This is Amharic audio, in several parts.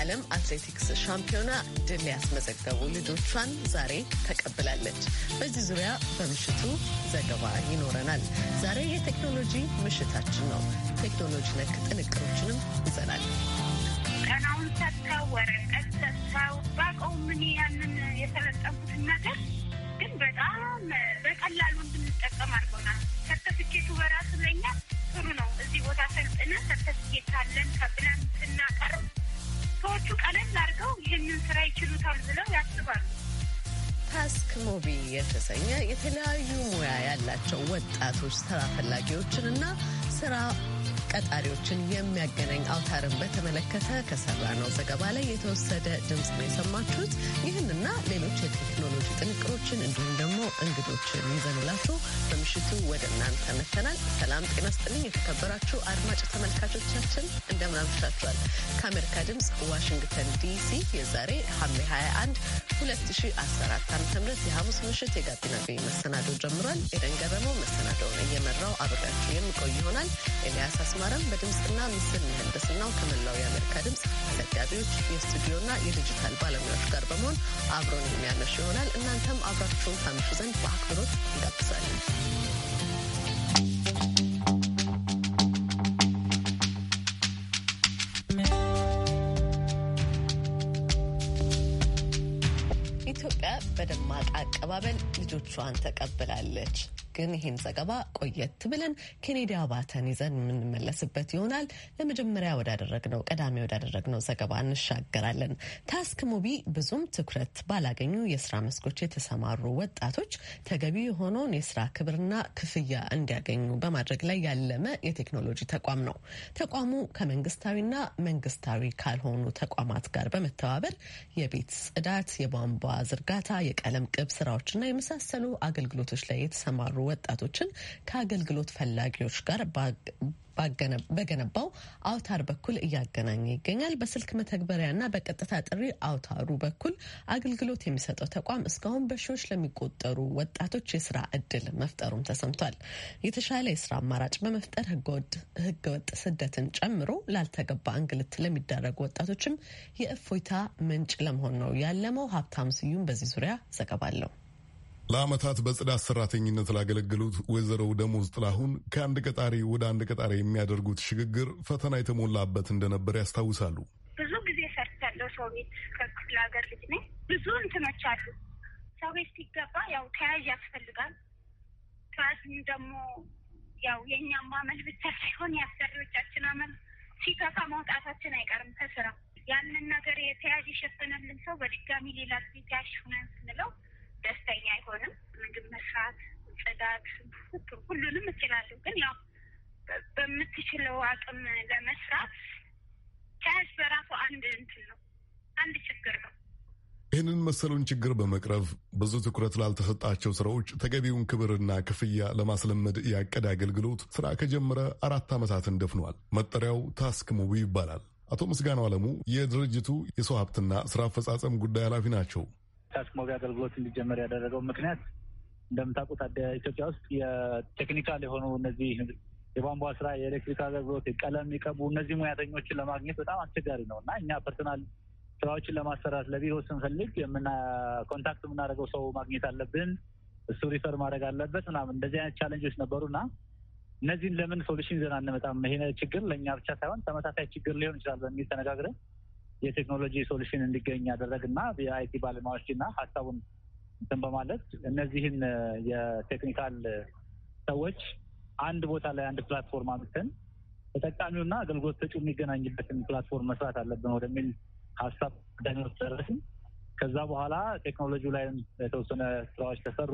በዓለም አትሌቲክስ ሻምፒዮና ድል ያስመዘገቡ ልጆቿን ዛሬ ተቀብላለች። በዚህ ዙሪያ በምሽቱ ዘገባ ይኖረናል። ዛሬ የቴክኖሎጂ ምሽታችን ነው። ቴክኖሎጂ ነክ ጥንቅሮችንም ይዘናል። ቀናውን ሰጥተው ወረቀት ሰጥተው ባቀው ምን ያንን የተለጠፉትን ነገር ግን በጣም በቀላሉ እንድንጠቀም አድርጎናል። ሰርተፍኬቱ በራሱ ለኛ ጥሩ ነው። እዚህ ቦታ ሰልጥነ ሰርተፍኬት ካለን ከብለን ስናቀርብ ሰዎቹ ቀለል አድርገው ይህንን ስራ ይችሉታል ብለው ያስባሉ። ታስክ ሙቪ የተሰኘ የተለያዩ ሙያ ያላቸው ወጣቶች ስራ ፈላጊዎችንና ስራ ቀጣሪዎችን የሚያገናኝ አውታርን በተመለከተ ከሰራ ነው ዘገባ ላይ የተወሰደ ድምፅ ነው የሰማችሁት። ይህንና ሌሎች የቴክኖሎጂ ጥንቅሮችን እንዲሁም ደግሞ እንግዶችን ይዘንላችሁ በምሽቱ ወደ እናንተ መተናል። ሰላም ጤና ስጥልኝ። የተከበራችሁ አድማጭ ተመልካቾቻችን እንደምን አምሽታችኋል? ከአሜሪካ ድምፅ ዋሽንግተን ዲሲ የዛሬ ሐምሌ 21 2014 ም የሐሙስ ምሽት የጋቢና ቤ መሰናዶ ጀምሯል። ኤደን መሰናዶውን እየመራው አብሬያችሁ የምቆይ ይሆናል። ኤልያስ በተጨማሪም በድምፅና ምስል ምህንድስናው ከመላው የአሜሪካ ድምፅ ዘጋቢዎች፣ የስቱዲዮና የዲጂታል ባለሙያዎች ጋር በመሆን አብሮን የሚያመሽ ይሆናል። እናንተም አብራችሁን ታምሹ ዘንድ በአክብሮት እንጋብዛለን። ኢትዮጵያ በደማቅ አቀባበል ልጆቿን ተቀብላለች። ግን ይህን ዘገባ ቆየት ብለን ኬኔዲ አባተን ይዘን የምንመለስበት ይሆናል። ለመጀመሪያ ወዳደረግነው ቀዳሚ ወዳደረግነው ዘገባ እንሻገራለን። ታስክ ሙቢ ብዙም ትኩረት ባላገኙ የስራ መስኮች የተሰማሩ ወጣቶች ተገቢ የሆነውን የስራ ክብርና ክፍያ እንዲያገኙ በማድረግ ላይ ያለመ የቴክኖሎጂ ተቋም ነው። ተቋሙ ከመንግስታዊና መንግስታዊ ካልሆኑ ተቋማት ጋር በመተባበር የቤት ጽዳት፣ የቧንቧ ዝርጋታ፣ የቀለም ቅብ ስራዎችና የመሳሰሉ አገልግሎቶች ላይ የተሰማሩ የሚሰሩ ወጣቶችን ከአገልግሎት ፈላጊዎች ጋር በገነባው አውታር በኩል እያገናኘ ይገኛል። በስልክ መተግበሪያና በቀጥታ ጥሪ አውታሩ በኩል አገልግሎት የሚሰጠው ተቋም እስካሁን በሺዎች ለሚቆጠሩ ወጣቶች የስራ እድል መፍጠሩም ተሰምቷል። የተሻለ የስራ አማራጭ በመፍጠር ህገወጥ ስደትን ጨምሮ ላልተገባ እንግልት ለሚደረጉ ወጣቶችም የእፎይታ ምንጭ ለመሆን ነው ያለመው። ሀብታም ስዩም በዚህ ዙሪያ ዘገባ አለው። ለዓመታት በጽዳት ሰራተኝነት ላገለገሉት ወይዘሮ ደሞዝ ጥላሁን ከአንድ ቀጣሪ ወደ አንድ ቀጣሪ የሚያደርጉት ሽግግር ፈተና የተሞላበት እንደነበር ያስታውሳሉ። ብዙ ጊዜ ሰርቻለሁ። ሰው ቤት ከክፍለ ሀገር ልጅ ነኝ። ብዙ እንትኖች አሉ። ሰው ቤት ሲገባ ያው ተያዥ ያስፈልጋል። ተያዥም ደግሞ ያው የእኛም አመል ብቻ ሳይሆን የአሰሪዎቻችን አመል ሲከፋ ማውጣታችን አይቀርም ከስራ ያንን ነገር የተያዥ የሸፈነልን ሰው በድጋሚ ሌላ ጊዜ ተያዥ ሆነን ስንለው ደስተኛ አይሆንም። ምግብ መስራት፣ ጽዳት፣ ሁሉንም እችላለሁ። ግን ያው በምትችለው አቅም ለመስራት ቻያዝ በራሱ አንድ እንትን ነው፣ አንድ ችግር ነው። ይህንን መሰሉን ችግር በመቅረፍ ብዙ ትኩረት ላልተሰጣቸው ስራዎች ተገቢውን ክብርና ክፍያ ለማስለመድ ያቀደ አገልግሎት ስራ ከጀመረ አራት ዓመታትን ደፍኗል። መጠሪያው ታስክ ሙቪ ይባላል። አቶ ምስጋናው አለሙ የድርጅቱ የሰው ሀብትና ስራ አፈጻጸም ጉዳይ ኃላፊ ናቸው። ካስሞቪ አገልግሎት እንዲጀመር ያደረገው ምክንያት እንደምታውቁት ኢትዮጵያ ውስጥ የቴክኒካል የሆኑ እነዚህ የቧንቧ ስራ፣ የኤሌክትሪክ አገልግሎት፣ ቀለም የሚቀቡ እነዚህ ሙያተኞችን ለማግኘት በጣም አስቸጋሪ ነው እና እኛ ፐርሰናል ስራዎችን ለማሰራት ለቢሮ ስንፈልግ ኮንታክት የምናደርገው ሰው ማግኘት አለብን፣ እሱ ሪፈር ማድረግ አለበት ምናምን እንደዚህ አይነት ቻለንጆች ነበሩና እነዚህን ለምን ሶሉሽን ይዘን አንመጣም? ይሄ ችግር ለእኛ ብቻ ሳይሆን ተመሳሳይ ችግር ሊሆን ይችላል በሚል ተነጋግረን የቴክኖሎጂ ሶሉሽን እንዲገኝ ያደረግና የአይቲ ባለሙያዎችና ሀሳቡን እንትን በማለት እነዚህን የቴክኒካል ሰዎች አንድ ቦታ ላይ አንድ ፕላትፎርም አምጥተን ተጠቃሚውና አገልግሎት ሰጪ የሚገናኝበትን ፕላትፎርም መስራት አለብን ወደሚል ሀሳብ ዳኞች ደረስን። ከዛ በኋላ ቴክኖሎጂ ላይም የተወሰነ ስራዎች ተሰሩ።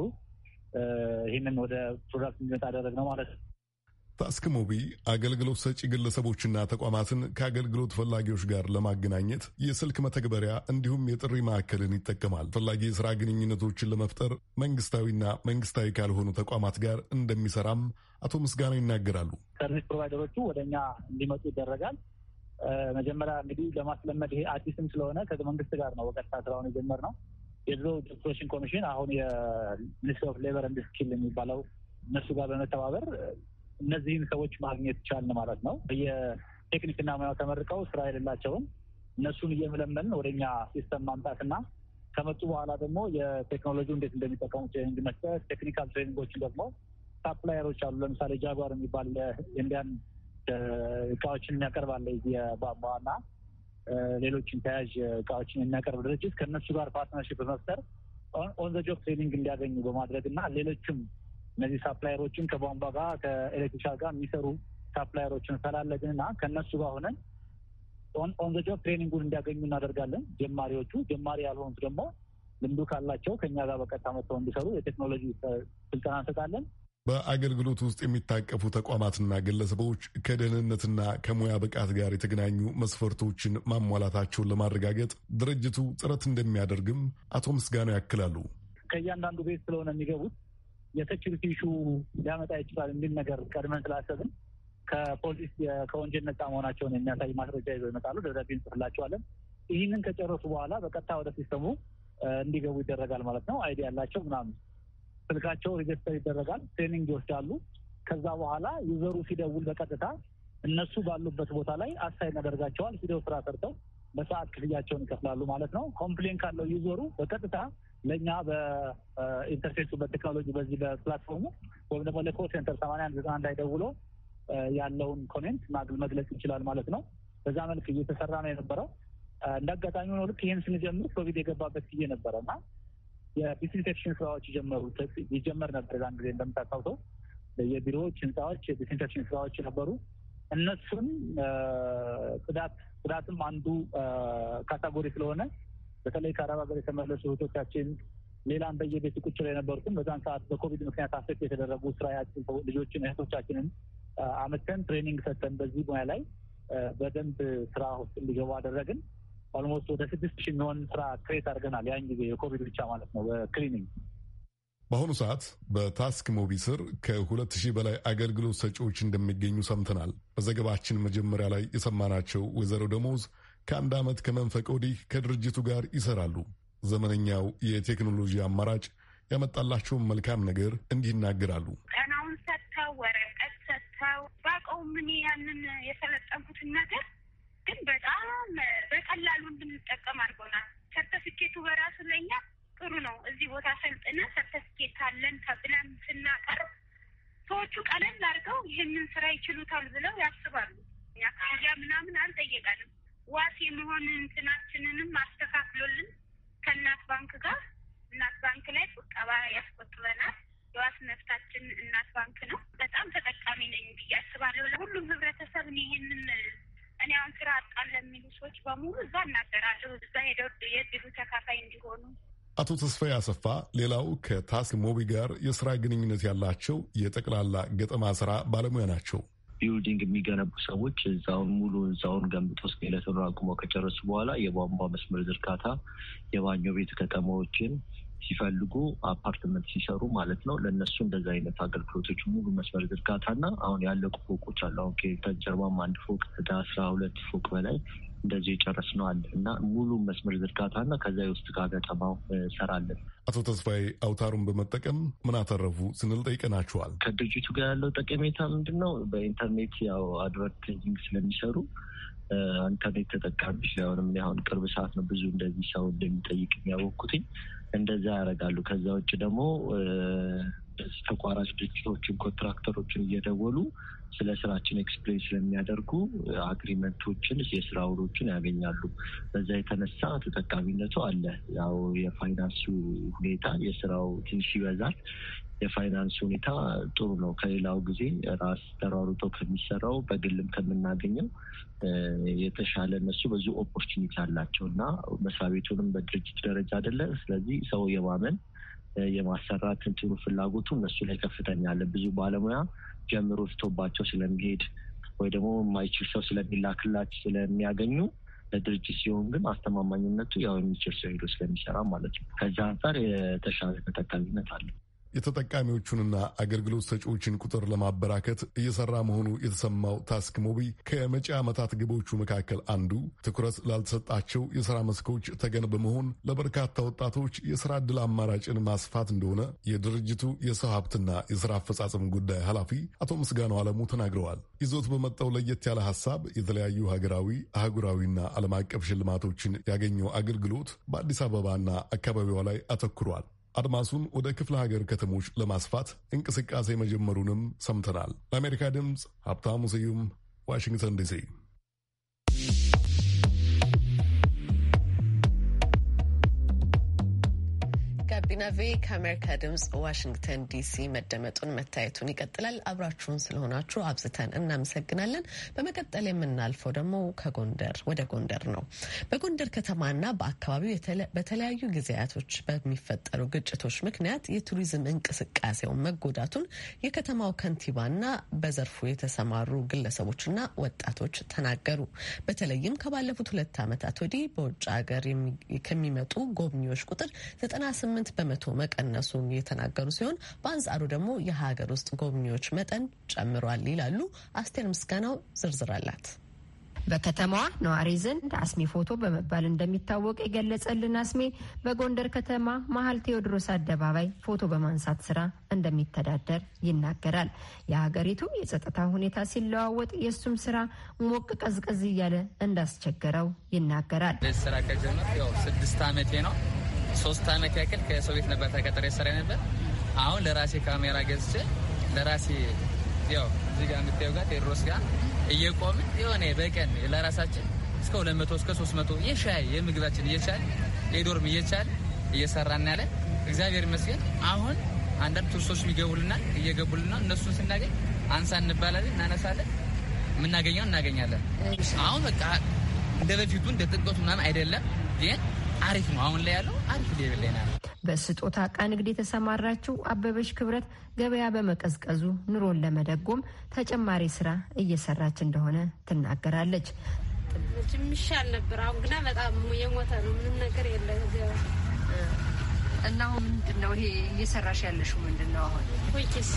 ይህንን ወደ ፕሮዳክት እንዲመጣ ያደረግነው ማለት ነው። ታስክ ሞቢ አገልግሎት ሰጪ ግለሰቦችና ተቋማትን ከአገልግሎት ፈላጊዎች ጋር ለማገናኘት የስልክ መተግበሪያ እንዲሁም የጥሪ ማዕከልን ይጠቀማል። ፈላጊ የሥራ ግንኙነቶችን ለመፍጠር መንግስታዊና መንግስታዊ ካልሆኑ ተቋማት ጋር እንደሚሰራም አቶ ምስጋና ይናገራሉ። ሰርቪስ ፕሮቫይደሮቹ ወደ እኛ እንዲመጡ ይደረጋል። መጀመሪያ እንግዲህ ለማስለመድ ይሄ አዲስም ስለሆነ ከመንግስት ጋር ነው በቀጥታ ስራውን የጀመርነው። የድሮ ፕሮሽን ኮሚሽን አሁን የሚኒስትር ኦፍ ሌበር ኤንድ የሚባለው እነሱ ጋር በመተባበር እነዚህን ሰዎች ማግኘት ቻልን ማለት ነው። የቴክኒክና ሙያ ተመርቀው ስራ የሌላቸውን እነሱን እየመለመልን ወደኛ ሲስተም ማምጣትና ከመጡ በኋላ ደግሞ የቴክኖሎጂ እንዴት እንደሚጠቀሙ ትሬኒንግ መስጠት፣ ቴክኒካል ትሬኒንጎችን ደግሞ ሳፕላየሮች አሉ። ለምሳሌ ጃጓር የሚባል የኢንዲያን እቃዎችን የሚያቀርባለ የባንቧና ሌሎችን ተያዥ እቃዎችን የሚያቀርብ ድርጅት ከእነሱ ጋር ፓርትነርሽፕ መፍጠር ኦን ዘ ጆብ ትሬኒንግ እንዲያገኙ በማድረግ እና ሌሎችም እነዚህ ሳፕላየሮችን ከቧንቧ ጋር ከኤሌክትሪሻል ጋር የሚሰሩ ሳፕላየሮችን ፈላለግን እና ከእነሱ ጋር ሆነን ኦን ዘ ጆብ ትሬኒንጉን እንዲያገኙ እናደርጋለን። ጀማሪዎቹ ጀማሪ ያልሆኑት ደግሞ ልምዱ ካላቸው ከኛ ጋር በቀጥታ መጥተው እንዲሰሩ የቴክኖሎጂ ስልጠና እንሰጣለን። በአገልግሎት ውስጥ የሚታቀፉ ተቋማትና ግለሰቦች ከደህንነትና ከሙያ ብቃት ጋር የተገናኙ መስፈርቶችን ማሟላታቸውን ለማረጋገጥ ድርጅቱ ጥረት እንደሚያደርግም አቶ ምስጋና ያክላሉ። ከእያንዳንዱ ቤት ስለሆነ የሚገቡት የሴኪሪቲ ኢሹ ሊያመጣ ይችላል የሚል ነገር ቀድመን ስላሰብን ከፖሊስ ከወንጀል ነጻ መሆናቸውን የሚያሳይ ማስረጃ ይዘው ይመጣሉ። ደብዳቤ እንጽፍላቸዋለን። ይህንን ከጨረሱ በኋላ በቀጥታ ወደ ሲስተሙ እንዲገቡ ይደረጋል ማለት ነው። አይዲ ያላቸው ምናምን ስልካቸው ሪጅስተር ይደረጋል። ትሬኒንግ ይወስዳሉ። ከዛ በኋላ ዩዘሩ ሲደውል በቀጥታ እነሱ ባሉበት ቦታ ላይ አሳይን ያደርጋቸዋል። ሂደው ስራ ሰርተው በሰዓት ክፍያቸውን ይከፍላሉ ማለት ነው። ኮምፕሌን ካለው ዩዘሩ በቀጥታ ለእኛ በኢንተርፌሱ በቴክኖሎጂ በዚህ በፕላትፎርሙ ወይም ደግሞ ለኮል ሴንተር ሰማንያ አንድ ዘጠና አንድ ላይ ደውሎ ያለውን ኮሜንት መግለጽ ይችላል ማለት ነው። በዛ መልክ እየተሰራ ነው የነበረው። እንደ አጋጣሚ ሆኖ ልክ ይህን ስንጀምር ኮቪድ የገባበት ጊዜ ነበረ እና የዲስኢንፌክሽን ስራዎች ጀመሩ ይጀመር ነበር። ዛን ጊዜ እንደምታስታውሰው የቢሮዎች ህንፃዎች የዲስኢንፌክሽን ስራዎች ነበሩ። እነሱን ጽዳት ጽዳትም አንዱ ካታጎሪ ስለሆነ በተለይ ከአረብ ሀገር የተመለሱ እህቶቻችን ሌላም በየቤት ቁጭ ላይ የነበሩትም በዛን ሰዓት በኮቪድ ምክንያት አፌክት የተደረጉ ስራያችን ልጆችን እህቶቻችንን አመተን ትሬኒንግ ሰጥተን በዚህ ሙያ ላይ በደንብ ስራ ውስጥ እንዲገቡ አደረግን። ኦልሞስት ወደ ስድስት ሺህ የሚሆን ስራ ክሬት አድርገናል። ያን ጊዜ የኮቪድ ብቻ ማለት ነው በክሊኒንግ በአሁኑ ሰዓት በታስክ ሞቢ ስር ከሁለት ሺህ በላይ አገልግሎት ሰጪዎች እንደሚገኙ ሰምተናል። በዘገባችን መጀመሪያ ላይ የሰማናቸው ወይዘሮ ደሞዝ ከአንድ ዓመት ከመንፈቅ ወዲህ ከድርጅቱ ጋር ይሰራሉ። ዘመነኛው የቴክኖሎጂ አማራጭ ያመጣላቸውን መልካም ነገር እንዲህ ይናገራሉ። ቀናውን ሰጥተው ወረቀት ሰጥተው ባቀው ምን ያንን የሰለጠንኩትን ነገር ግን በጣም በቀላሉ እንድንጠቀም አድርጎናል። ሰርተፊኬቱ በራሱ ለኛ ጥሩ ነው። እዚህ ቦታ ሰልጥነ ሰርተፊኬት አለን ተብለን ስናቀርብ ሰዎቹ ቀለል አድርገው ይህንን ስራ ይችሉታል ብለው ያስባሉ። እኛ ክፍያ ምናምን አልጠየቀንም። ዋስ የመሆን እንትናችንንም አስተካክሎልን ከእናት ባንክ ጋር እናት ባንክ ላይ ቁጠባ ያስቆጥበናል። የዋስ መብታችን እናት ባንክ ነው። በጣም ተጠቃሚ ነኝ ብዬ አስባለሁ። ለሁሉም ህብረተሰብ ይህንን እኔ አሁን ስራ አጣን ለሚሉ ሰዎች በሙሉ እዛ እናገራለሁ። እዛ ሄደው የድሉ ተካፋይ እንዲሆኑ አቶ ተስፋዬ አሰፋ ሌላው ከታስክ ሞቢ ጋር የስራ ግንኙነት ያላቸው የጠቅላላ ገጠማ ስራ ባለሙያ ናቸው። ቢልዲንግ የሚገነቡ ሰዎች እዛውን ሙሉ እዛውን ገንብቶ ስኬለቱን አቁመው ከጨረሱ በኋላ የቧንቧ መስመር ዝርጋታ፣ የባኞ ቤት ከተማዎችን ሲፈልጉ አፓርትመንት ሲሰሩ ማለት ነው። ለእነሱ እንደዚ አይነት አገልግሎቶች ሙሉ መስመር ዝርጋታና አሁን ያለቁ ፎቆች አሉ። አሁን ጀርባም አንድ ፎቅ ወደ አስራ ሁለት ፎቅ በላይ እንደዚህ ነው አለ እና ሙሉ መስመር ዝርጋታና ከዚያ የውስጥ ጋር ገጠማው ሰራለን። አቶ ተስፋዬ አውታሩን በመጠቀም ምን አተረፉ ስንል ጠይቀናቸዋል። ከድርጅቱ ጋር ያለው ጠቀሜታ ምንድን ነው? በኢንተርኔት ያው አድቨርታይዚንግ ስለሚሰሩ ኢንተርኔት ተጠቃሚ ስለሆነ ምን ቅርብ ሰዓት ነው ብዙ እንደዚህ ሰው እንደሚጠይቅ የሚያወቅኩትኝ እንደዛ ያደርጋሉ። ከዛ ውጭ ደግሞ ተቋራጭ ድርጅቶችን፣ ኮንትራክተሮችን እየደወሉ ስለ ስራችን ኤክስፕሌን ስለሚያደርጉ አግሪመንቶችን፣ የስራ ውሎችን ያገኛሉ። በዛ የተነሳ ተጠቃሚነቱ አለ። ያው የፋይናንሱ ሁኔታ የስራው ትንሽ ይበዛል። የፋይናንስ ሁኔታ ጥሩ ነው። ከሌላው ጊዜ ራስ ተሯሩጦ ከሚሰራው በግልም ከምናገኘው የተሻለ እነሱ ብዙ ኦፖርቹኒቲ አላቸው እና መስሪያ ቤቱንም በድርጅት ደረጃ አይደለ። ስለዚህ ሰው የማመን የማሰራት እንትኑ ፍላጎቱ እነሱ ላይ ከፍተኛ አለ። ብዙ ባለሙያ ጀምሮ ትቶባቸው ስለሚሄድ ወይ ደግሞ የማይችል ሰው ስለሚላክላች ስለሚያገኙ ለድርጅት ሲሆን ግን አስተማማኝነቱ ያው የሚችል ሰው ሄዶ ስለሚሰራ ማለት ነው። ከዛ አንጻር የተሻለ ተጠቃሚነት አለ። የተጠቃሚዎቹንና አገልግሎት ሰጪዎችን ቁጥር ለማበራከት እየሰራ መሆኑ የተሰማው ታስክ ሞቢ ከመጪ ዓመታት ግቦቹ መካከል አንዱ ትኩረት ላልተሰጣቸው የሥራ መስኮች ተገን በመሆን ለበርካታ ወጣቶች የሥራ ዕድል አማራጭን ማስፋት እንደሆነ የድርጅቱ የሰው ሀብትና የሥራ አፈጻጸም ጉዳይ ኃላፊ አቶ ምስጋናው አለሙ ተናግረዋል። ይዞት በመጣው ለየት ያለ ሀሳብ የተለያዩ ሀገራዊ፣ አህጉራዊና ዓለም አቀፍ ሽልማቶችን ያገኘው አገልግሎት በአዲስ አበባና አካባቢዋ ላይ አተኩሯል። አድማሱን ወደ ክፍለ ሀገር ከተሞች ለማስፋት እንቅስቃሴ መጀመሩንም ሰምተናል። ለአሜሪካ ድምፅ ሀብታሙ ስዩም ዋሽንግተን ዲሲ ጋቢና ቬ ከአሜሪካ ድምጽ ዋሽንግተን ዲሲ መደመጡን መታየቱን ይቀጥላል። አብራችሁን ስለሆናችሁ አብዝተን እናመሰግናለን። በመቀጠል የምናልፈው ደግሞ ከጎንደር ወደ ጎንደር ነው። በጎንደር ከተማና በአካባቢው በተለያዩ ጊዜያቶች በሚፈጠሩ ግጭቶች ምክንያት የቱሪዝም እንቅስቃሴውን መጎዳቱን የከተማው ከንቲባና በዘርፉ የተሰማሩ ግለሰቦችና ወጣቶች ተናገሩ። በተለይም ከባለፉት ሁለት ዓመታት ወዲህ በውጭ ሀገር ከሚመጡ ጎብኚዎች ቁጥር 98 በመቶ መቀነሱን የተናገሩ ሲሆን በአንጻሩ ደግሞ የሀገር ውስጥ ጎብኚዎች መጠን ጨምሯል ይላሉ። አስቴር ምስጋናው ዝርዝር አላት። በከተማዋ ነዋሪ ዘንድ አስሜ ፎቶ በመባል እንደሚታወቅ የገለጸልን አስሜ በጎንደር ከተማ መሀል ቴዎድሮስ አደባባይ ፎቶ በማንሳት ስራ እንደሚተዳደር ይናገራል። የሀገሪቱ የጸጥታ ሁኔታ ሲለዋወጥ የእሱም ስራ ሞቅ ቀዝቀዝ እያለ እንዳስቸገረው ይናገራል። ስራ ከጀመር ስድስት አመቴ ነው። ሶስት አመት ያክል ከሶቪየት ነበር ተቀጥሬ የሰራ ነበር። አሁን ለራሴ ካሜራ ገዝቼ ለራሴ ያው እዚህ ጋር የምታየው ጋር ጋር እየቆምን የሆነ በቀን ለራሳችን እስከ ሁለት መቶ እስከ ሶስት መቶ የሻይ የምግባችን እየቻል የዶርም እየቻል እየሰራን ያለ እግዚአብሔር ይመስገን። አሁን አንዳንድ ቱሪስቶች ይገቡልናል እየገቡልና እነሱን ስናገኝ አንሳ እንባላለን፣ እናነሳለን፣ የምናገኘው እናገኛለን። አሁን በቃ እንደ በፊቱ እንደ ምናምን አይደለም ግን አሪፍ ነው። አሁን ላይ ያለው አሪፍ ሌብል ላይ ነው። በስጦታ እቃ ንግድ የተሰማራችው አበበች ክብረት ገበያ በመቀዝቀዙ ኑሮን ለመደጎም ተጨማሪ ስራ እየሰራች እንደሆነ ትናገራለች። ትንሽ ነበር፣ አሁን ግና በጣም የሞተ ነው። ምንም ነገር የለ። እና አሁን ምንድን ነው ይሄ እየሰራሽ ያለሽው ምንድን ነው? አሁን ኩኪስ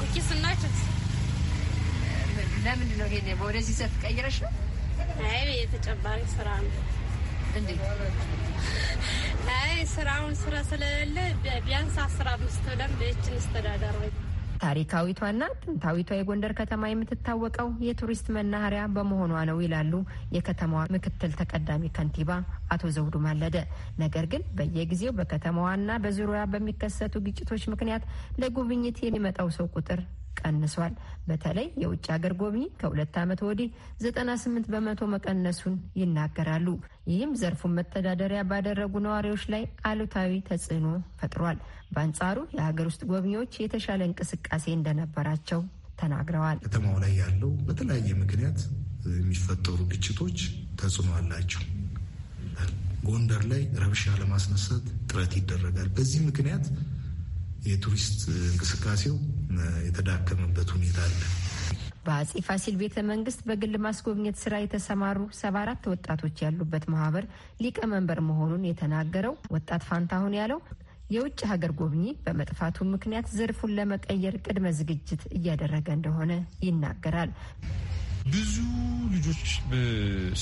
ኩኪስ እና ችፕስ። ለምንድን ነው ይሄ ወደዚህ ዘፍ ቀይረሽ ነው? አይ የተጨማሪ ስራ ነው እንዴ? አይ ስራውን ስራ ስለሌለ ቢያንስ አስራ አምስት ብለን ታሪካዊቷና ጥንታዊቷ የጎንደር ከተማ የምትታወቀው የቱሪስት መናኸሪያ በመሆኗ ነው ይላሉ የከተማዋ ምክትል ተቀዳሚ ከንቲባ አቶ ዘውዱ ማለደ። ነገር ግን በየጊዜው በከተማዋና በዙሪያ በሚከሰቱ ግጭቶች ምክንያት ለጉብኝት የሚመጣው ሰው ቁጥር ቀንሷል። በተለይ የውጭ ሀገር ጎብኚ ከሁለት ዓመት ወዲህ 98 በመቶ መቀነሱን ይናገራሉ። ይህም ዘርፉን መተዳደሪያ ባደረጉ ነዋሪዎች ላይ አሉታዊ ተጽዕኖ ፈጥሯል። በአንጻሩ የሀገር ውስጥ ጎብኚዎች የተሻለ እንቅስቃሴ እንደነበራቸው ተናግረዋል። ከተማው ላይ ያለው በተለያየ ምክንያት የሚፈጠሩ ግጭቶች ተጽዕኖ አላቸው። ጎንደር ላይ ረብሻ ለማስነሳት ጥረት ይደረጋል። በዚህ ምክንያት የቱሪስት እንቅስቃሴው የተዳከመበት ሁኔታ አለ። በአጼ ፋሲል ቤተ መንግስት በግል ማስጎብኘት ስራ የተሰማሩ ሰባ አራት ወጣቶች ያሉበት ማህበር ሊቀመንበር መሆኑን የተናገረው ወጣት ፋንታሁን ያለው የውጭ ሀገር ጎብኚ በመጥፋቱ ምክንያት ዘርፉን ለመቀየር ቅድመ ዝግጅት እያደረገ እንደሆነ ይናገራል። ብዙ ልጆች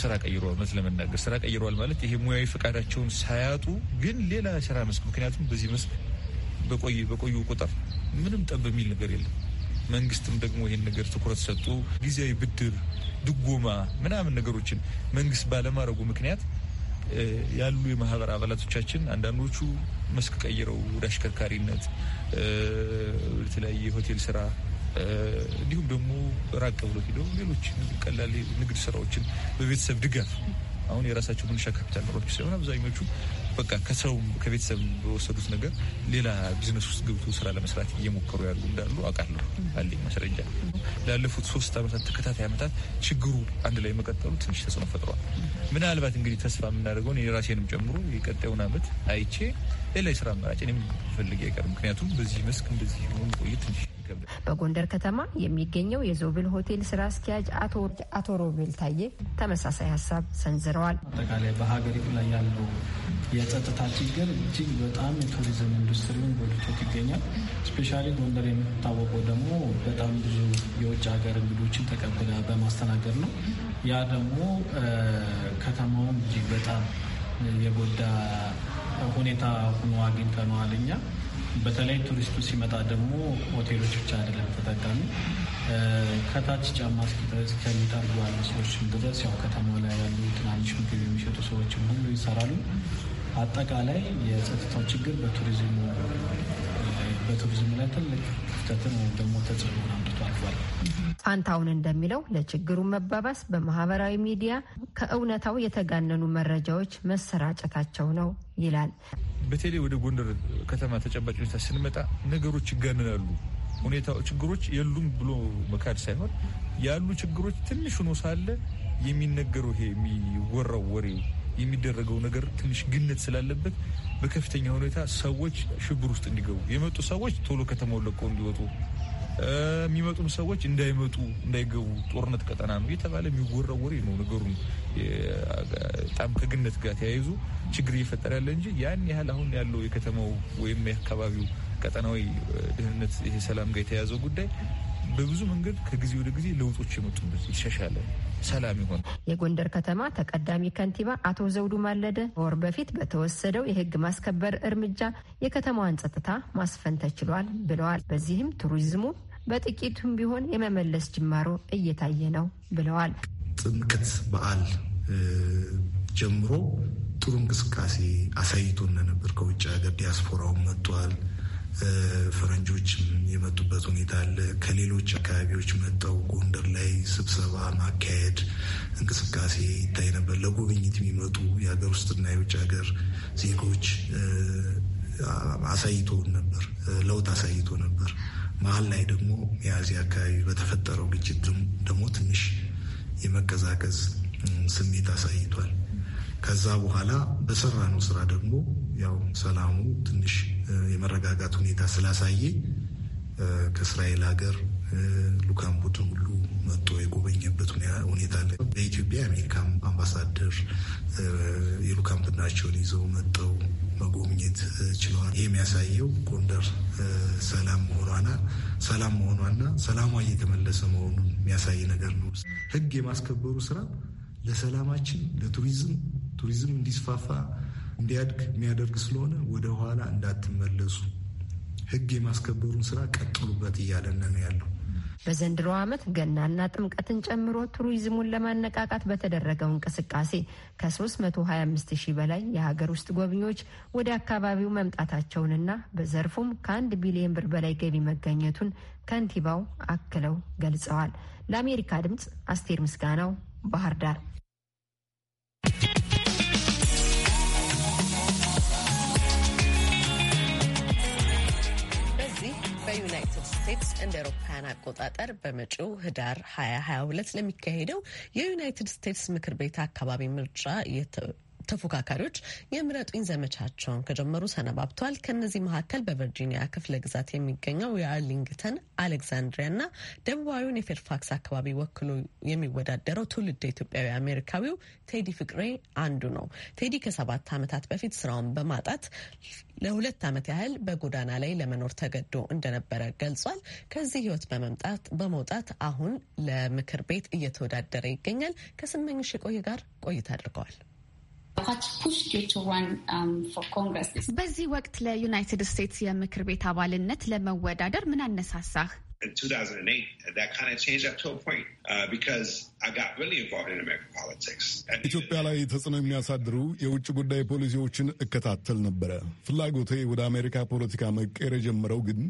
ስራ ቀይረዋል። መት ለመናገር ስራ ቀይረዋል ማለት ይሄ ሙያዊ ፈቃዳቸውን ሳያጡ ግን ሌላ ስራ መስክ ምክንያቱም በዚህ መስክ በቆየ በቆዩ ቁጥር ምንም ጠብ የሚል ነገር የለም። መንግስትም ደግሞ ይህን ነገር ትኩረት ሰጡ። ጊዜያዊ ብድር ድጎማ ምናምን ነገሮችን መንግስት ባለማድረጉ ምክንያት ያሉ የማህበር አባላቶቻችን አንዳንዶቹ መስክ ቀይረው ወደ አሽከርካሪነት፣ የተለያየ ሆቴል ስራ እንዲሁም ደግሞ ራቅ ብሎ ሄደው ሌሎች ቀላል ንግድ ስራዎችን በቤተሰብ ድጋፍ አሁን የራሳቸው መነሻ ካፒታል ኖሯቸው ሳይሆን አብዛኞቹ በቃ ከሰው ከቤተሰብ በወሰዱት ነገር ሌላ ቢዝነስ ውስጥ ገብቶ ስራ ለመስራት እየሞከሩ ያሉ እንዳሉ አውቃለሁ። አለኝ ማስረጃ። ላለፉት ሶስት ዓመታት ተከታታይ ዓመታት ችግሩ አንድ ላይ መቀጠሉ ትንሽ ተጽዕኖ ፈጥሯል። ምናልባት እንግዲህ ተስፋ የምናደርገውን የራሴንም ጨምሮ የቀጣዩን ዓመት አይቼ ሌላ የስራ አማራጭ እኔም ፈልግ አይቀር። ምክንያቱም በዚህ መስክ እንደዚህ ሆኑ ቆይት ትንሽ በጎንደር ከተማ የሚገኘው የዞብል ሆቴል ስራ አስኪያጅ አቶ ሮቤል ታዬ ተመሳሳይ ሀሳብ ሰንዝረዋል። አጠቃላይ በሀገሪቱ ላይ ያለው የጸጥታ ችግር እጅግ በጣም የቱሪዝም ኢንዱስትሪውን ጎድቶት ይገኛል። ስፔሻሊ ጎንደር የምትታወቀው ደግሞ በጣም ብዙ የውጭ ሀገር እንግዶችን ተቀብላ በማስተናገድ ነው። ያ ደግሞ ከተማውን እጅግ በጣም የጎዳ ሁኔታ ሆኖ አግኝተነዋል እኛ በተለይ ቱሪስቱ ሲመጣ ደግሞ ሆቴሎች ብቻ አይደለም ተጠቃሚ ከታች ጫማ እስኪድረስ ከሚጠርጉ ያሉ ሰዎችም ድረስ ያው ከተማ ላይ ያሉ ትናንሽ ምግብ የሚሸጡ ሰዎችም ሁሉ ይሰራሉ። አጠቃላይ የጸጥታው ችግር በቱሪዝሙ በቱሪዝም ላይ ትልቅ ክፍተትን ወይም ደግሞ ተጽዕኖን አምጥቶ አልፏል። ፋንታውን እንደሚለው ለችግሩ መባባስ በማህበራዊ ሚዲያ ከእውነታው የተጋነኑ መረጃዎች መሰራጨታቸው ነው ይላል። በተለይ ወደ ጎንደር ከተማ ተጨባጭ ሁኔታ ስንመጣ ነገሮች ይጋነናሉ ሁኔታ ችግሮች የሉም ብሎ መካድ ሳይሆን ያሉ ችግሮች ትንሽ ሆኖ ሳለ የሚነገረው ይሄ የሚወራው ወሬ የሚደረገው ነገር ትንሽ ግነት ስላለበት በከፍተኛ ሁኔታ ሰዎች ሽብር ውስጥ እንዲገቡ የመጡ ሰዎች ቶሎ ከተማውን ለቀው እንዲወጡ የሚመጡም ሰዎች እንዳይመጡ እንዳይገቡ ጦርነት ቀጠና ነው እየተባለ የሚወራ ወሬ ነው። ነገሩን በጣም ከግነት ጋር ተያይዞ ችግር እየፈጠረ ያለ እንጂ ያን ያህል አሁን ያለው የከተማው ወይም የአካባቢው ቀጠናዊ ደህንነት ይሄ ሰላም ጋር የተያዘው ጉዳይ በብዙ መንገድ ከጊዜ ወደ ጊዜ ለውጦች የመጡበት የተሻሻለ ሰላም ይሆን። የጎንደር ከተማ ተቀዳሚ ከንቲባ አቶ ዘውዱ ማለደ ወር በፊት በተወሰደው የህግ ማስከበር እርምጃ የከተማዋን ጸጥታ ማስፈን ተችሏል ብለዋል። በዚህም ቱሪዝሙ በጥቂቱም ቢሆን የመመለስ ጅማሮ እየታየ ነው ብለዋል። ጥምቀት በዓል ጀምሮ ጥሩ እንቅስቃሴ አሳይቶ ነበር። ከውጭ ሀገር ዲያስፖራውን መጥቷል። ፈረንጆችም የመጡበት ሁኔታ አለ። ከሌሎች አካባቢዎች መጠው ጎንደር ላይ ስብሰባ ማካሄድ እንቅስቃሴ ይታይ ነበር። ለጉብኝት የሚመጡ የሀገር ውስጥና የውጭ ሀገር ዜጎች አሳይቶን ነበር፣ ለውጥ አሳይቶ ነበር። መሀል ላይ ደግሞ ሚያዝያ አካባቢ በተፈጠረው ግጭት ደግሞ ትንሽ የመቀዛቀዝ ስሜት አሳይቷል። ከዛ በኋላ በሰራነው ስራ ደግሞ ያው ሰላሙ ትንሽ የመረጋጋት ሁኔታ ስላሳየ ከእስራኤል ሀገር ልኡካን ቡድን ሁሉ መጥቶ የጎበኘበት ሁኔታ አለ። በኢትዮጵያ የአሜሪካ አምባሳደር የልኡካን ቡድናቸውን ይዘው መጠው መጎብኘት ችለዋል። ይህ የሚያሳየው ጎንደር ሰላም መሆኗና ሰላም መሆኗና ሰላሟ እየተመለሰ መሆኑን የሚያሳይ ነገር ነው። ህግ የማስከበሩ ስራ ለሰላማችን፣ ለቱሪዝም ቱሪዝም እንዲስፋፋ እንዲያድግ የሚያደርግ ስለሆነ ወደ ኋላ እንዳትመለሱ፣ ህግ የማስከበሩን ስራ ቀጥሉበት እያለን ነው ያለው። በዘንድሮ ዓመት ገናና ጥምቀትን ጨምሮ ቱሪዝሙን ለማነቃቃት በተደረገው እንቅስቃሴ ከ325 ሺህ በላይ የሀገር ውስጥ ጎብኚዎች ወደ አካባቢው መምጣታቸውንና በዘርፉም ከአንድ ቢሊዮን ብር በላይ ገቢ መገኘቱን ከንቲባው አክለው ገልጸዋል። ለአሜሪካ ድምፅ አስቴር ምስጋናው ባህር ዳር በዩናይትድ ስቴትስ እንደ አውሮፓውያን አቆጣጠር በመጪው ህዳር 2022 ለሚካሄደው የዩናይትድ ስቴትስ ምክር ቤት አካባቢ ምርጫ ተፎካካሪዎች የምረጡኝ ዘመቻቸውን ከጀመሩ ሰነባብተዋል። ከእነዚህ መካከል በቨርጂኒያ ክፍለ ግዛት የሚገኘው የአርሊንግተን አሌክዛንድሪያና ደቡባዊውን የፌርፋክስ አካባቢ ወክሎ የሚወዳደረው ትውልድ ኢትዮጵያዊ አሜሪካዊው ቴዲ ፍቅሬ አንዱ ነው። ቴዲ ከሰባት ዓመታት በፊት ስራውን በማጣት ለሁለት ዓመት ያህል በጎዳና ላይ ለመኖር ተገዶ እንደነበረ ገልጿል። ከዚህ ህይወት በመምጣት በመውጣት አሁን ለምክር ቤት እየተወዳደረ ይገኛል። ከስመኝሽ የቆየ ጋር ቆይታ አድርገዋል። በዚህ ወቅት ለዩናይትድ ስቴትስ የምክር ቤት አባልነት ለመወዳደር ምን አነሳሳህ? Uh, ኢትዮጵያ ላይ ተጽዕኖ የሚያሳድሩ የውጭ ጉዳይ ፖሊሲዎችን እከታተል ነበረ። ፍላጎቴ ወደ አሜሪካ ፖለቲካ መቀየር የጀመረው ግን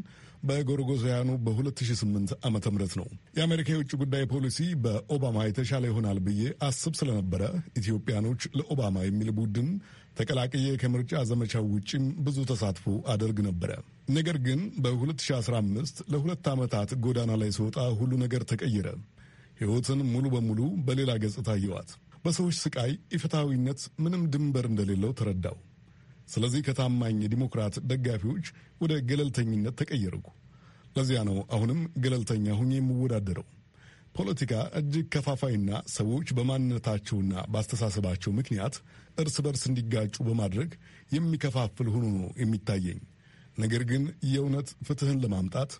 በጎርጎዛያኑ በ2008 ዓ ም ነው። የአሜሪካ የውጭ ጉዳይ ፖሊሲ በኦባማ የተሻለ ይሆናል ብዬ አስብ ስለነበረ ኢትዮጵያኖች ለኦባማ የሚል ቡድን ተቀላቅዬ ከምርጫ ዘመቻው ውጭም ብዙ ተሳትፎ አደርግ ነበረ። ነገር ግን በ2015 ለሁለት ዓመታት ጎዳና ላይ ስወጣ ሁሉ ነገር ተቀየረ። ሕይወትን ሙሉ በሙሉ በሌላ ገጽታ አየዋት። በሰዎች ስቃይ ኢፍትሐዊነት ምንም ድንበር እንደሌለው ተረዳው። ስለዚህ ከታማኝ የዲሞክራት ደጋፊዎች ወደ ገለልተኝነት ተቀየርኩ። ለዚያ ነው አሁንም ገለልተኛ ሁኜ የምወዳደረው። ፖለቲካ እጅግ ከፋፋይና ሰዎች በማንነታቸውና በአስተሳሰባቸው ምክንያት እርስ በርስ እንዲጋጩ በማድረግ የሚከፋፍል ሆኖ ነው የሚታየኝ። ነገር ግን የእውነት ፍትህን ለማምጣት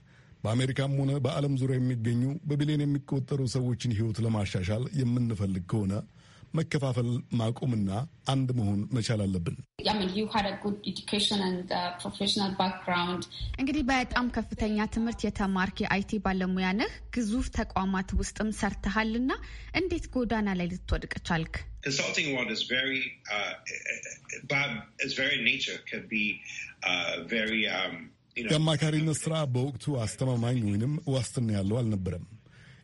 በአሜሪካም ሆነ በዓለም ዙሪያ የሚገኙ በቢሊዮን የሚቆጠሩ ሰዎችን ሕይወት ለማሻሻል የምንፈልግ ከሆነ መከፋፈል ማቆምና አንድ መሆን መቻል አለብን። uh, እንግዲህ በጣም ከፍተኛ ትምህርት የተማርክ የአይቲ ባለሙያ ነህ። ግዙፍ ተቋማት ውስጥም ሰርተሃል እና እንዴት ጎዳና ላይ ልትወድቅ ቻልክ? የአማካሪነት ስራ በወቅቱ አስተማማኝ ወይንም ዋስትና ያለው አልነበረም።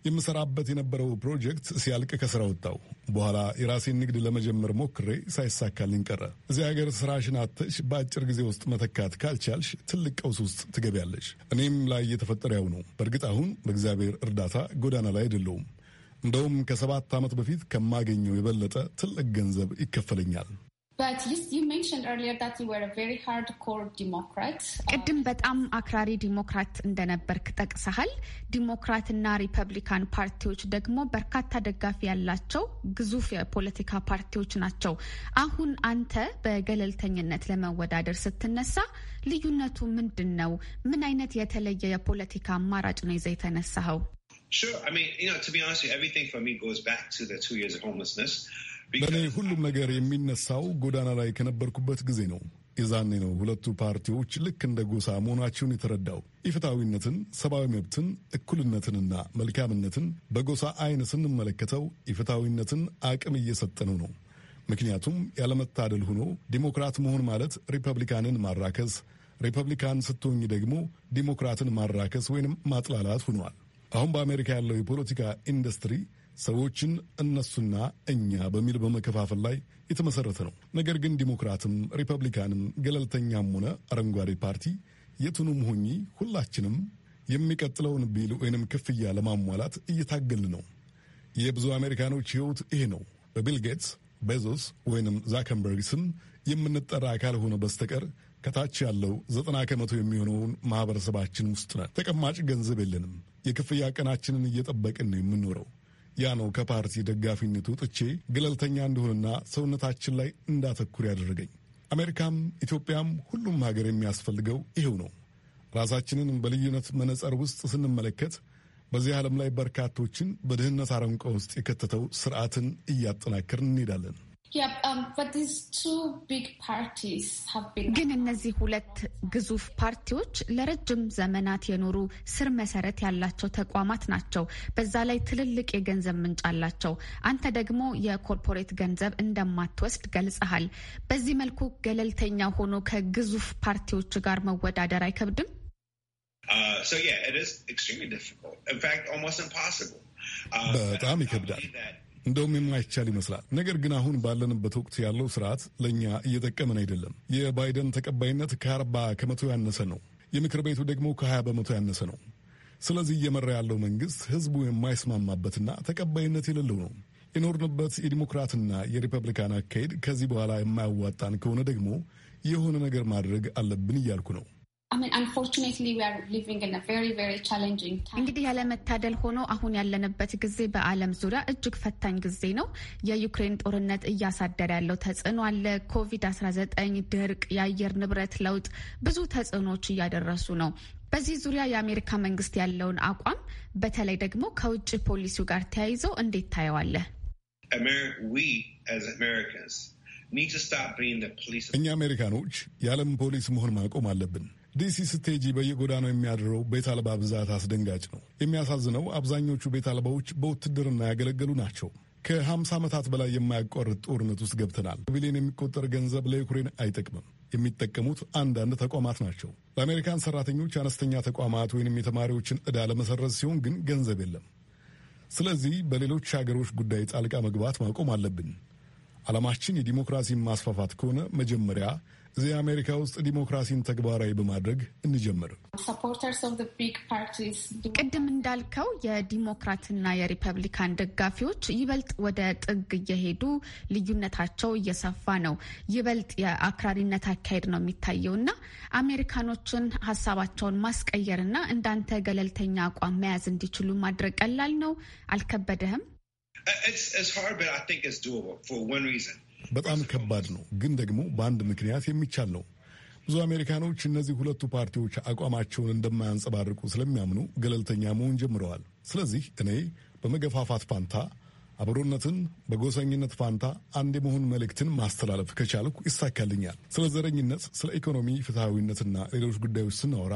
የምሰራበት የነበረው ፕሮጀክት ሲያልቅ ከስራ ወጣው። በኋላ የራሴን ንግድ ለመጀመር ሞክሬ ሳይሳካልኝ ቀረ። እዚህ ሀገር ስራሽን አጥተሽ በአጭር ጊዜ ውስጥ መተካት ካልቻልሽ ትልቅ ቀውስ ውስጥ ትገቢያለሽ። እኔም ላይ የተፈጠረ ያው ነው። በእርግጥ አሁን በእግዚአብሔር እርዳታ ጎዳና ላይ አይደለውም። እንደውም ከሰባት ዓመት በፊት ከማገኘው የበለጠ ትልቅ ገንዘብ ይከፈለኛል። ቅድም በጣም አክራሪ ዲሞክራት እንደነበርክ ጠቅሰሃል። ዲሞክራትና ሪፐብሊካን ፓርቲዎች ደግሞ በርካታ ደጋፊ ያላቸው ግዙፍ የፖለቲካ ፓርቲዎች ናቸው። አሁን አንተ በገለልተኝነት ለመወዳደር ስትነሳ ልዩነቱ ምንድን ነው? ምን አይነት የተለየ የፖለቲካ አማራጭ ነው ይዘህ የተነሳኸው? Sure. I mean, you know, to be honest, everything for me goes back to the two years of homelessness. ለእኔ ሁሉም ነገር የሚነሳው ጎዳና ላይ ከነበርኩበት ጊዜ ነው። የዛኔ ነው ሁለቱ ፓርቲዎች ልክ እንደ ጎሳ መሆናቸውን የተረዳው። ኢፍታዊነትን፣ ሰብአዊ መብትን፣ እኩልነትንና መልካምነትን በጎሳ አይን ስንመለከተው ኢፍታዊነትን አቅም እየሰጠነው ነው። ምክንያቱም ያለመታደል ሆኖ ዲሞክራት መሆን ማለት ሪፐብሊካንን ማራከስ፣ ሪፐብሊካን ስትሆኝ ደግሞ ዲሞክራትን ማራከስ ወይንም ማጥላላት ሆኗል። አሁን በአሜሪካ ያለው የፖለቲካ ኢንዱስትሪ ሰዎችን እነሱና እኛ በሚል በመከፋፈል ላይ የተመሰረተ ነው። ነገር ግን ዲሞክራትም ሪፐብሊካንም ገለልተኛም ሆነ አረንጓዴ ፓርቲ የቱንም ሆኚ ሁላችንም የሚቀጥለውን ቢል ወይንም ክፍያ ለማሟላት እየታገል ነው። የብዙ አሜሪካኖች ሕይወት ይሄ ነው። በቢል ጌትስ፣ ቤዞስ ወይንም ዛከንበርግ ስም የምንጠራ ካልሆነ በስተቀር ከታች ያለው ዘጠና ከመቶ የሚሆነውን ማህበረሰባችን ውስጥ ነን። ተቀማጭ ገንዘብ የለንም። የክፍያ ቀናችንን እየጠበቅን ነው የምንኖረው። ያ ነው ከፓርቲ ደጋፊነቱ ጥቼ ገለልተኛ እንደሆንና ሰውነታችን ላይ እንዳተኩር ያደረገኝ። አሜሪካም ኢትዮጵያም ሁሉም ሀገር የሚያስፈልገው ይሄው ነው። ራሳችንን በልዩነት መነጸር ውስጥ ስንመለከት በዚህ ዓለም ላይ በርካቶችን በድህነት አረንቋ ውስጥ የከተተው ስርዓትን እያጠናከርን እንሄዳለን። Um, ግን እነዚህ ሁለት ግዙፍ ፓርቲዎች ለረጅም ዘመናት የኖሩ ስር መሰረት ያላቸው ተቋማት ናቸው። በዛ ላይ ትልልቅ የገንዘብ ምንጭ አላቸው። አንተ ደግሞ የኮርፖሬት ገንዘብ እንደማትወስድ ገልጸሃል። በዚህ መልኩ ገለልተኛ ሆኖ ከግዙፍ ፓርቲዎች ጋር መወዳደር አይከብድም? Uh, uh, በጣም ይከብዳል። እንደውም የማይቻል ይመስላል። ነገር ግን አሁን ባለንበት ወቅት ያለው ስርዓት ለእኛ እየጠቀመን አይደለም። የባይደን ተቀባይነት ከአርባ ከመቶ ያነሰ ነው። የምክር ቤቱ ደግሞ ከ20 በመቶ ያነሰ ነው። ስለዚህ እየመራ ያለው መንግስት ህዝቡ የማይስማማበትና ተቀባይነት የሌለው ነው። የኖርንበት የዲሞክራትና የሪፐብሊካን አካሄድ ከዚህ በኋላ የማያዋጣን ከሆነ ደግሞ የሆነ ነገር ማድረግ አለብን እያልኩ ነው። እንግዲህ ያለመታደል ሆኖ አሁን ያለንበት ጊዜ በዓለም ዙሪያ እጅግ ፈታኝ ጊዜ ነው። የዩክሬን ጦርነት እያሳደረ ያለው ተጽዕኖ አለ። ኮቪድ-19፣ ድርቅ፣ የአየር ንብረት ለውጥ ብዙ ተጽዕኖዎች እያደረሱ ነው። በዚህ ዙሪያ የአሜሪካ መንግስት ያለውን አቋም በተለይ ደግሞ ከውጭ ፖሊሲው ጋር ተያይዞ እንዴት ታየዋለህ? እኛ አሜሪካኖች የዓለም ፖሊስ መሆን ማቆም አለብን። ዲሲ ስቴጂ በየጎዳናው የሚያድረው ቤት አልባ ብዛት አስደንጋጭ ነው። የሚያሳዝነው አብዛኞቹ ቤት አልባዎች በውትድርና ያገለገሉ ናቸው። ከ50 ዓመታት በላይ የማያቋርጥ ጦርነት ውስጥ ገብተናል። ቢሊዮን የሚቆጠር ገንዘብ ለዩክሬን አይጠቅምም። የሚጠቀሙት አንዳንድ ተቋማት ናቸው። ለአሜሪካን ሰራተኞች አነስተኛ ተቋማት ወይንም የተማሪዎችን ዕዳ ለመሰረዝ ሲሆን ግን ገንዘብ የለም። ስለዚህ በሌሎች ሀገሮች ጉዳይ ጣልቃ መግባት ማቆም አለብን። ዓላማችን የዲሞክራሲን ማስፋፋት ከሆነ መጀመሪያ እዚህ አሜሪካ ውስጥ ዲሞክራሲን ተግባራዊ በማድረግ እንጀምር። ቅድም እንዳልከው የዲሞክራትና የሪፐብሊካን ደጋፊዎች ይበልጥ ወደ ጥግ እየሄዱ ልዩነታቸው እየሰፋ ነው። ይበልጥ የአክራሪነት አካሄድ ነው የሚታየው እና አሜሪካኖችን ሀሳባቸውን ማስቀየርና እንዳንተ ገለልተኛ አቋም መያዝ እንዲችሉ ማድረግ ቀላል ነው። አልከበደህም? በጣም ከባድ ነው፣ ግን ደግሞ በአንድ ምክንያት የሚቻል ነው። ብዙ አሜሪካኖች እነዚህ ሁለቱ ፓርቲዎች አቋማቸውን እንደማያንጸባርቁ ስለሚያምኑ ገለልተኛ መሆን ጀምረዋል። ስለዚህ እኔ በመገፋፋት ፋንታ አብሮነትን በጎሰኝነት ፋንታ አንድ የመሆን መልእክትን ማስተላለፍ ከቻልኩ ይሳካልኛል። ስለ ዘረኝነት፣ ስለ ኢኮኖሚ ፍትሐዊነትና ሌሎች ጉዳዮች ስናወራ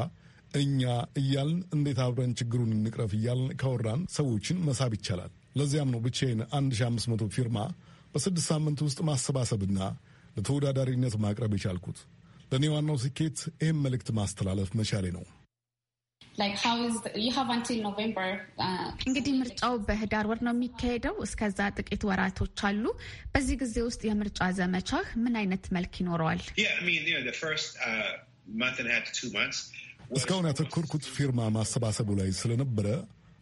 እኛ እያልን እንዴት አብረን ችግሩን እንቅረፍ እያልን ካወራን ሰዎችን መሳብ ይቻላል። ለዚያም ነው ብቻዬን 1500 ፊርማ በስድስት ሳምንት ውስጥ ማሰባሰብና ለተወዳዳሪነት ማቅረብ የቻልኩት። ለእኔ ዋናው ስኬት ይህም መልእክት ማስተላለፍ መቻሌ ነው። uh, እንግዲህ ምርጫው በህዳር ወር ነው የሚካሄደው። እስከዛ ጥቂት ወራቶች አሉ። በዚህ ጊዜ ውስጥ የምርጫ ዘመቻህ ምን አይነት መልክ ይኖረዋል? Uh, እስካሁን ያተኮርኩት ፊርማ ማሰባሰቡ ላይ ስለነበረ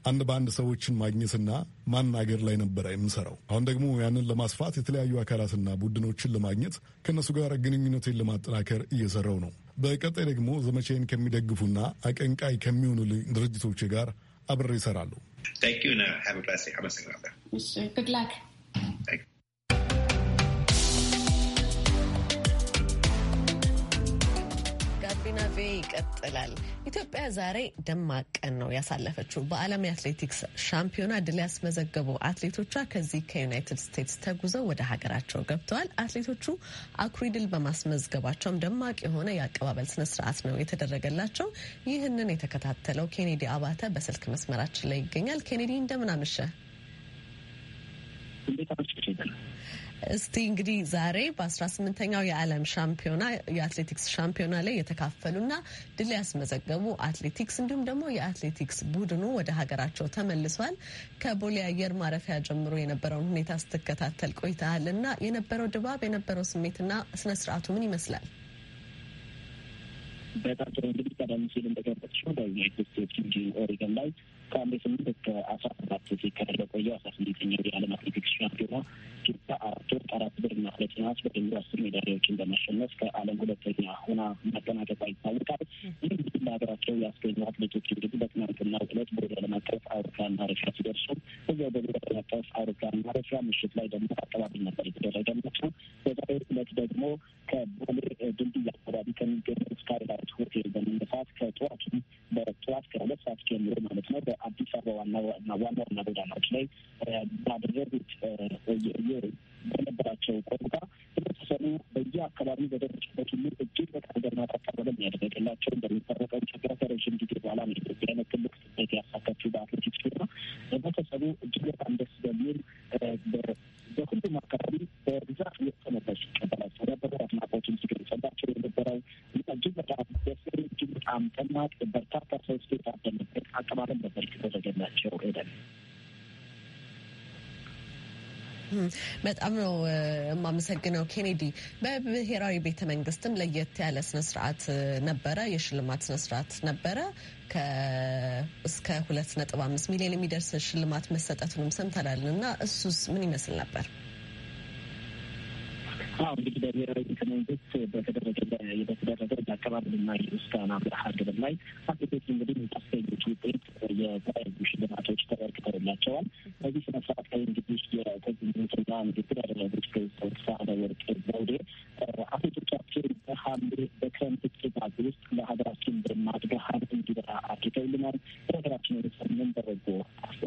አንድ በአንድ ሰዎችን ማግኘትና ማናገር ላይ ነበረ የምሰራው። አሁን ደግሞ ያንን ለማስፋት የተለያዩ አካላትና ቡድኖችን ለማግኘት ከእነሱ ጋር ግንኙነቴን ለማጠናከር እየሰራው ነው። በቀጣይ ደግሞ ዘመቻዬን ከሚደግፉና አቀንቃይ ከሚሆኑ ድርጅቶች ጋር አብሬ ይሰራሉ። ቪኦኤ ይቀጥላል። ኢትዮጵያ ዛሬ ደማቅ ቀን ነው ያሳለፈችው። በዓለም የአትሌቲክስ ሻምፒዮና ድል ያስመዘገቡ አትሌቶቿ ከዚህ ከዩናይትድ ስቴትስ ተጉዘው ወደ ሀገራቸው ገብተዋል። አትሌቶቹ አኩሪ ድል በማስመዝገባቸውም ደማቅ የሆነ የአቀባበል ስነስርዓት ነው የተደረገላቸው። ይህንን የተከታተለው ኬኔዲ አባተ በስልክ መስመራችን ላይ ይገኛል። ኬኔዲ እንደምን አመሸ? እስቲ እንግዲህ ዛሬ በ18ኛው የዓለም ሻምፒዮና የአትሌቲክስ ሻምፒዮና ላይ የተካፈሉና ድል ያስመዘገቡ አትሌቲክስ እንዲሁም ደግሞ የአትሌቲክስ ቡድኑ ወደ ሀገራቸው ተመልሷል። ከቦሌ አየር ማረፊያ ጀምሮ የነበረውን ሁኔታ ስትከታተል ቆይተሃል እና የነበረው ድባብ የነበረው ስሜትና ስነስርዓቱ ምን ይመስላል? በጣም ጥሩ እንግዲህ ቀደም ሲል እንደገለጽሽው በዩናይትድ ስቴትስ እንጂ ኦሪገን ላይ ከአንድ ስምንት እስከ አስራ ሰባት ሲካሄድ በቆየው አስራ ስምንተኛው የዓለም አትሌቲክስ ሻምፒዮና አራት ወር ከአራት ብር ሁለት ነሐስ በድምሩ አስር ሜዳሊያዎችን በማሸነፍ ከዓለም ሁለተኛ ሆና ማጠናቀቋ ይታወቃል። ይህ በሀገራቸው ያስገኙ አትሌቶች እንግዲህ በትናንትና ዕለት ቦሌ ዓለም አቀፍ አውሮፕላን ማረፊያ ሲደርሱ እዚያው በቦሌ ዓለም አቀፍ አውሮፕላን ማረፊያ ምሽት ላይ ደግሞ አቀባበል ነበር የተደረገ ማለት ነው። በዛሬው ዕለት ደግሞ ከቦሌ ድልድይ አካባቢ ከሚገኙ ስካይላይት ሆቴል በመነሳት ከጠዋቱም በጠዋት ከሁለት ሰዓት ጀምሮ ማለት ነው በአዲስ አበባ ዋና ዋና ዋና ጎዳናዎች ላይ ባደረጉት በነበራቸው ቆይታ የተወሰኑ በየ አካባቢ በደረሱበት ሁሉ እጅግ በጣም ገርማ ተቀበለ ያደረገላቸው እንደሚፈረቀው ኢትዮጵያ ከረዥም ጊዜ በኋላ ኢትዮጵያ አይነት ትልቅ ስኬት ያሳካችው በአትሌቲክስ ፊርማ ህብረተሰቡ እጅግ በጣም ደስ በሚል በሁሉም አካባቢ በብዛት የተነበር ሲቀበላቸው ነበር። አድናቆችን ሲገልጸላቸው የነበረው እጅግ በጣም ደስ እጅግ በጣም ደማቅ በርካታ ሰው ስኬት አደለበት አቀባበል ነበር ሲደረገላቸው ሄደን በጣም ነው የማመሰግነው ኬኔዲ። በብሔራዊ ቤተ መንግስትም ለየት ያለ ስነስርዓት ነበረ፣ የሽልማት ስነስርዓት ነበረ። እስከ ሁለት ነጥብ አምስት ሚሊዮን የሚደርስ ሽልማት መሰጠቱንም ሰምተናል እና እሱስ ምን ይመስል ነበር? እንግዲህ በብሔራዊ ቤተ መንግስት በተደረገ በተደረገ የአቀባበልና የምስጋና መርሃ ግብር ላይ አትሌቶች እንግዲህ ተስፈኞች ውጤት የተለያዩ ሽልማቶች ተበርክተውላቸዋል። በዚህ ስነ ስርዓት ላይ እንግዲህ የቴክኒክና ንግግር ያደረጉት ፕሬዚደንት ሳህለወርቅ ዘውዴ አትሌቶቻችን በሐምሌ በክረምት ጭጋግ ውስጥ ለሀገራችን ብርማ ብርሃን እንዲበራ አድርገውልናል፣ በሀገራችን የሰምን በበጎ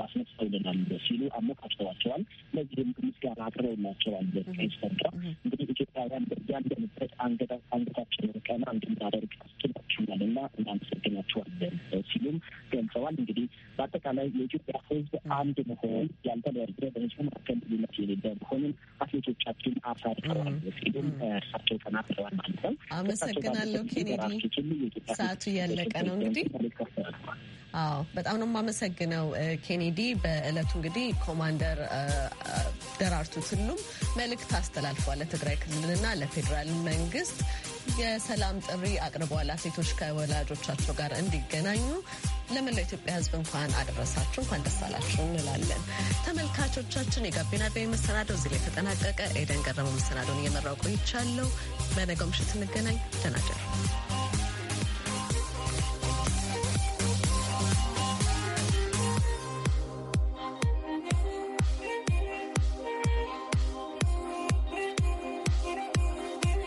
አስነሳውልናል ሲሉ አሞካቸዋቸዋል። ለዚህም ምስጋና አቅርበውላቸዋል። ፕሬዚደንቷ እንግዲህ የኢትዮጵያውያን ያለንበት አንገታ አንገታችን ቀና እንድናደርግ አስችላችኋል እና እናመሰግናችኋለን ሲሉም ገልጸዋል። እንግዲህ በአጠቃላይ የኢትዮጵያ ሕዝብ አንድ መሆን ያልተለያየ በህዝቡ መካከል ልዩነት የሌለ መሆኑን አትሌቶቻችን አሳድረዋል ሲሉም እርሳቸው ተናግረዋል ማለት ነው። አመሰግናለሁ ኬኔዲ። ሰዓቱ እያለቀ ነው እንግዲህ አዎ በጣም ነው የማመሰግነው ኬኔዲ። በእለቱ እንግዲህ ኮማንደር ደራርቱ ቱሉም መልእክት አስተላልፏል ለትግራይ ክልልና ለፌዴራል መንግስት የሰላም ጥሪ አቅርበዋል። አትሌቶች ከወላጆቻቸው ጋር እንዲገናኙ ለመላው ኢትዮጵያ ሕዝብ እንኳን አደረሳችሁ እንኳን ደስ አላችሁ እንላለን። ተመልካቾቻችን የጋቢና ቢ መሰናደው እዚህ ላይ ተጠናቀቀ። ኤደን ገረመ መሰናዶውን እየመራው ቆይቻለሁ። በነገው ምሽት እንገናኝ። ደህና እደሩ።